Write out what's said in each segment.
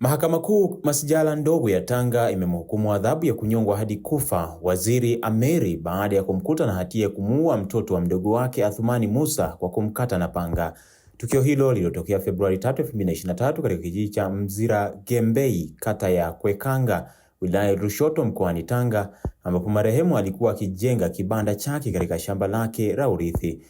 Mahakama Kuu masijala ndogo ya Tanga imemhukumu adhabu ya kunyongwa hadi kufa Waziri Ameri baada ya kumkuta na hatia ya kumuua mtoto wa mdogo wake Athumani musa kwa kumkata na panga. Tukio hilo lililotokea Februari 3, 2023 katika kijiji cha Mziragembei, kata ya Kwekanga, wilaya rushoto Lushoto mkoani Tanga, ambapo marehemu alikuwa akijenga kibanda chake katika shamba lake la urithi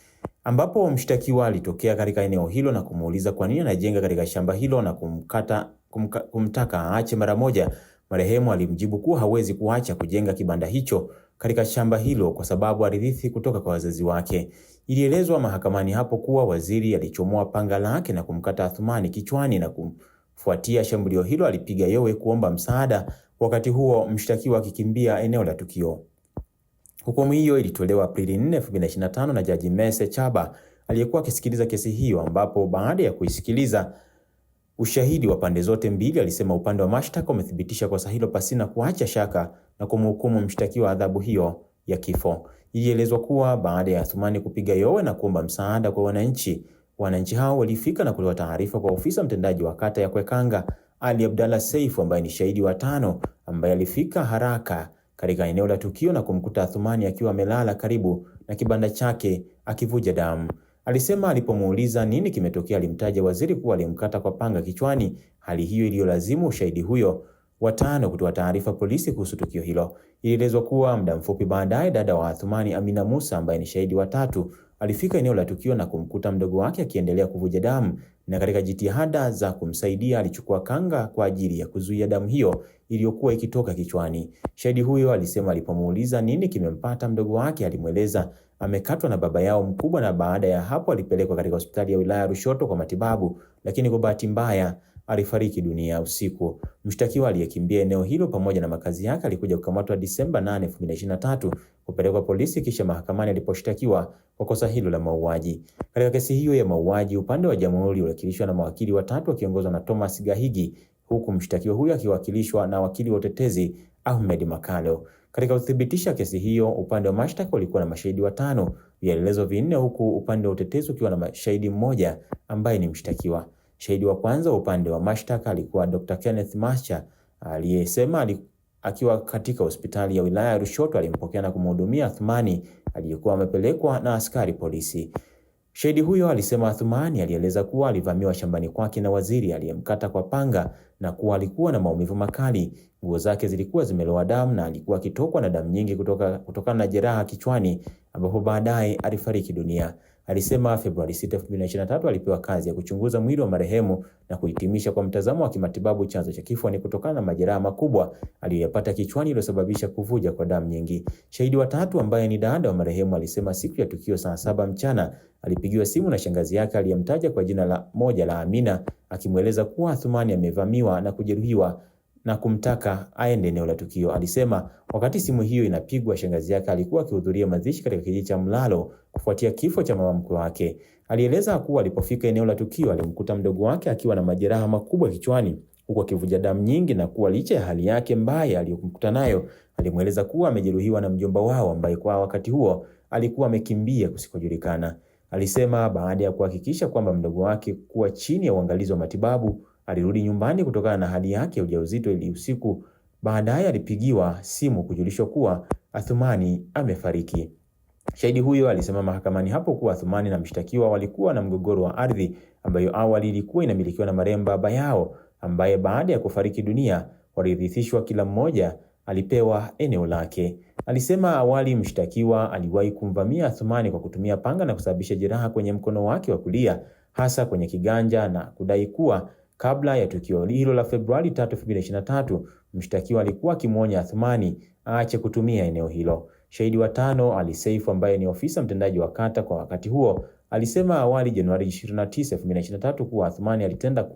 ambapo mshtakiwa alitokea katika eneo hilo na kumuuliza kwa nini anajenga katika shamba hilo na kumkata, kumka, kumtaka aache mara moja. Marehemu alimjibu kuwa hawezi kuacha kujenga kibanda hicho katika shamba hilo kwa sababu alirithi kutoka kwa wazazi wake. Ilielezwa mahakamani hapo kuwa waziri alichomoa panga lake na kumkata Athumani kichwani na kufuatia shambulio hilo alipiga yowe kuomba msaada, wakati huo mshtakiwa akikimbia eneo la tukio. Hukumu hiyo ilitolewa Aprili 4, 2025 na Jaji Mese Chaba aliyekuwa akisikiliza kesi hiyo, ambapo baada ya kuisikiliza ushahidi wa pande zote mbili, alisema upande wa mashtaka umethibitisha kosa hilo pasina kuacha shaka na kumhukumu mshtakiwa adhabu hiyo ya kifo. Ilielezwa kuwa baada ya Athumani kupiga yowe na kuomba msaada kwa wananchi, wananchi hao walifika na kutoa taarifa kwa ofisa mtendaji wa kata ya Kwekanga, Ali Abdalla Seif ambaye ni shahidi wa tano ambaye alifika haraka katika eneo la tukio na kumkuta Athumani akiwa amelala karibu na kibanda chake akivuja damu. Alisema alipomuuliza nini kimetokea, alimtaja waziri kuwa alimkata kwa panga kichwani, hali hiyo iliyolazimu shahidi huyo watano kutoa taarifa polisi kuhusu tukio hilo. Ilielezwa kuwa muda mfupi baadaye dada wa Athumani Amina Musa ambaye ni shahidi watatu Alifika eneo la tukio na kumkuta mdogo wake akiendelea kuvuja damu, na katika jitihada za kumsaidia alichukua kanga kwa ajili ya kuzuia damu hiyo iliyokuwa ikitoka kichwani. Shahidi huyo alisema alipomuuliza nini kimempata mdogo wake, alimweleza amekatwa na baba yao mkubwa, na baada ya hapo alipelekwa katika hospitali ya wilaya Lushoto kwa matibabu, lakini kwa bahati mbaya alifariki dunia usiku. Mshtakiwa aliyekimbia eneo hilo pamoja na makazi yake alikuja kukamatwa Disemba 8, 2023 kupelekwa polisi kisha mahakamani aliposhtakiwa kwa kosa hilo la mauaji. Katika kesi hiyo ya mauaji, upande wa jamhuri uliwakilishwa na mawakili watatu wakiongozwa na Thomas Gahigi huku mshtakiwa huyo akiwakilishwa na wakili wa utetezi Ahmed Makalo. Katika kuthibitisha kesi hiyo, upande wa mashtaka ulikuwa na mashahidi watano, vielelezo vinne, huku upande wa utetezi ukiwa na mashahidi mmoja ambaye ni mshtakiwa. Shahidi wa kwanza upande wa mashtaka alikuwa Dr. Kenneth Macha aliyesema akiwa katika hospitali ya wilaya ya Lushoto alimpokea na kumhudumia Athumani aliyekuwa amepelekwa na askari polisi. Shahidi huyo alisema Athumani alieleza kuwa alivamiwa shambani kwake na Waziri aliyemkata kwa panga na kuwa alikuwa na maumivu makali, nguo zake zilikuwa zimelowa damu na alikuwa akitokwa na damu nyingi kutoka kutokana na jeraha kichwani, ambapo baadaye alifariki dunia alisema Februari 6, 2023 alipewa kazi ya kuchunguza mwili wa marehemu na kuhitimisha kwa mtazamo wa kimatibabu chanzo cha kifo ni kutokana na majeraha makubwa aliyoyapata kichwani iliyosababisha kuvuja kwa damu nyingi. Shahidi watatu ambaye ni dada wa marehemu alisema siku ya tukio saa saba mchana alipigiwa simu na shangazi yake aliyemtaja kwa jina la moja la Amina akimweleza kuwa Athumani amevamiwa na kujeruhiwa na kumtaka aende eneo la tukio. Alisema wakati simu hiyo inapigwa, shangazi yake alikuwa akihudhuria mazishi katika kijiji cha Mlalo kufuatia kifo cha mama mkwe wake. Alieleza kuwa alipofika eneo la tukio alimkuta mdogo wake akiwa na majeraha makubwa kichwani huku akivuja damu nyingi, na kuwa licha ya hali yake mbaya aliyokumkuta nayo, alimweleza kuwa amejeruhiwa na mjomba wao ambaye kwa wakati huo alikuwa amekimbia kusikojulikana. Alisema baada ya kuhakikisha kwamba mdogo wake kuwa chini ya uangalizi wa matibabu Alirudi nyumbani kutokana na hali yake ya ujauzito ili usiku baadaye alipigiwa simu kujulishwa kuwa Athumani amefariki. Shahidi huyo alisema mahakamani hapo kuwa Athumani na mshtakiwa walikuwa na mgogoro wa ardhi ambayo awali ilikuwa inamilikiwa na marehemu baba yao, ambaye baada ya kufariki dunia walirithishwa, kila mmoja alipewa eneo lake. Alisema awali mshtakiwa aliwahi kumvamia Athumani kwa kutumia panga na kusababisha jeraha kwenye mkono wake wa kulia, hasa kwenye kiganja na kudai kuwa Kabla ya tukio hilo la Februari 3, 2023, mshtakiwa alikuwa akimwonya Athumani aache kutumia eneo hilo. Shahidi wa tano Ali Seif ambaye ni ofisa mtendaji wa kata kwa wakati huo alisema awali Januari 29, 2023 kuwa Athumani alitenda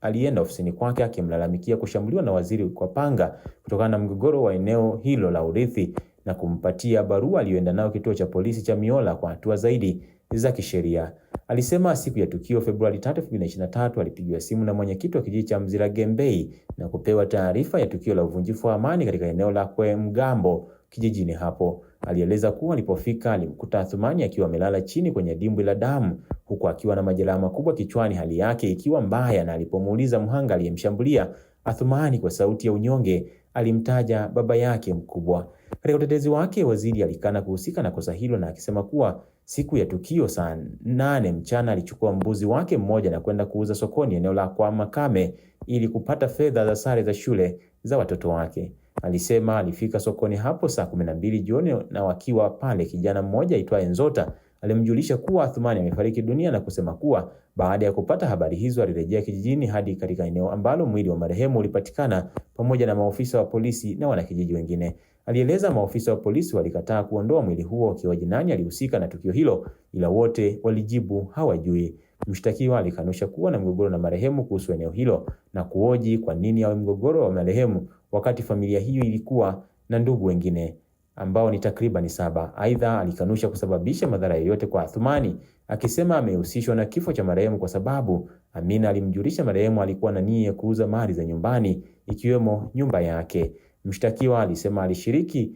alienda ofisini kwake akimlalamikia kushambuliwa na waziri kwa panga kutokana na mgogoro wa eneo hilo la urithi na kumpatia barua aliyoenda nayo kituo cha polisi cha Miola kwa hatua zaidi za kisheria. Alisema siku ya tukio Februari 3, 2023 alipigiwa simu na mwenyekiti wa kijiji cha Mziragembei na kupewa taarifa ya tukio la uvunjifu wa amani katika eneo la Kwemgambo kijijini hapo. Alieleza kuwa alipofika alimkuta Athumani akiwa amelala chini kwenye dimbwi la damu huku akiwa na majeraha makubwa kichwani, hali yake ikiwa mbaya, na alipomuuliza mhanga aliyemshambulia Athumani kwa sauti ya unyonge alimtaja baba yake mkubwa. Katika utetezi wake, waziri alikana kuhusika na kosa hilo na akisema kuwa Siku ya tukio, saa nane mchana, alichukua mbuzi wake mmoja na kwenda kuuza sokoni eneo la kwa Makame ili kupata fedha za sare za shule za watoto wake. Alisema alifika sokoni hapo saa kumi na mbili jioni na wakiwa pale, kijana mmoja aitwaye Nzota alimjulisha kuwa Athumani amefariki dunia na kusema kuwa baada ya kupata habari hizo alirejea kijijini hadi katika eneo ambalo mwili wa marehemu ulipatikana pamoja na maofisa wa polisi na wanakijiji wengine alieleza. Maofisa wa polisi walikataa kuondoa mwili huo wakiwaji nani alihusika na tukio hilo, ila wote walijibu hawajui. Mshtakiwa alikanusha kuwa na mgogoro na marehemu kuhusu eneo hilo na kuoji kwa nini awe mgogoro wa marehemu wakati familia hiyo ilikuwa na ndugu wengine ambao ni takribani saba. Aidha, alikanusha kusababisha madhara yoyote kwa Athumani akisema amehusishwa na kifo cha marehemu kwa sababu Amina alimjulisha marehemu alikuwa na nia ya kuuza mali za nyumbani ikiwemo nyumba yake. Mshtakiwa alisema alishiriki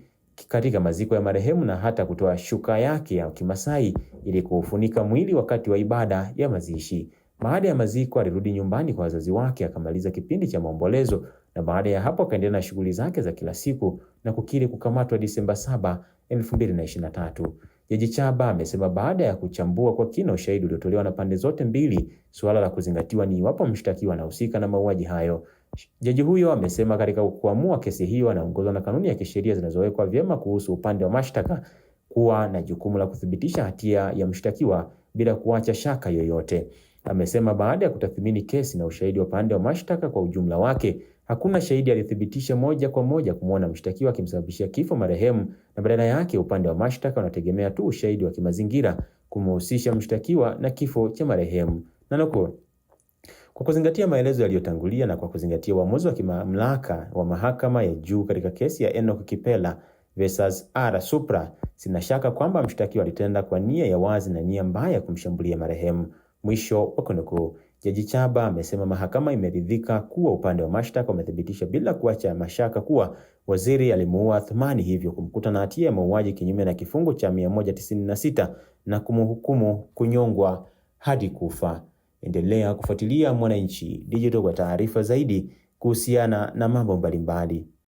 katika maziko ya marehemu na hata kutoa shuka yake ya Kimasai ili kuufunika mwili wakati wa ibada ya mazishi. Baada ya maziko, alirudi nyumbani kwa wazazi wake, akamaliza kipindi cha maombolezo na baada ya hapo akaendelea na shughuli zake za kila siku na kukiri kukamatwa Disemba 7, 2023. Jaji Chaba amesema baada ya kuchambua kwa kina ushahidi uliotolewa na pande zote mbili, suala la kuzingatiwa ni iwapo mshtakiwa anahusika na, na mauaji hayo. Jaji huyo amesema katika kuamua kesi hiyo anaongozwa na kanuni ya kisheria zinazowekwa vyema kuhusu upande wa mashtaka kuwa na jukumu la kuthibitisha hatia ya mshtakiwa bila kuacha shaka yoyote. Amesema baada ya kutathmini kesi na ushahidi wa pande wa mashtaka kwa ujumla wake Hakuna shahidi alithibitisha moja kwa moja kumwona mshtakiwa akimsababishia kifo marehemu, na badala yake upande wa mashtaka unategemea tu ushahidi wa kimazingira kumhusisha mshtakiwa na kifo cha marehemu. Nanukuu, kwa kuzingatia maelezo yaliyotangulia na kwa kuzingatia uamuzi wa kimamlaka wa mahakama ya juu katika kesi ya Enock Kipela versus R Supra, sina shaka kwamba mshtakiwa alitenda kwa nia ya wazi na nia mbaya ya kumshambulia marehemu. Mwisho wa kunukuu. Jaji Chaba amesema mahakama imeridhika kuwa upande wa mashtaka umethibitisha bila kuacha mashaka kuwa waziri alimuua thamani hivyo kumkuta na hatia ya mauaji kinyume na kifungu cha 196 na kumhukumu kunyongwa hadi kufa. Endelea kufuatilia Mwananchi Digital kwa taarifa zaidi kuhusiana na mambo mbalimbali.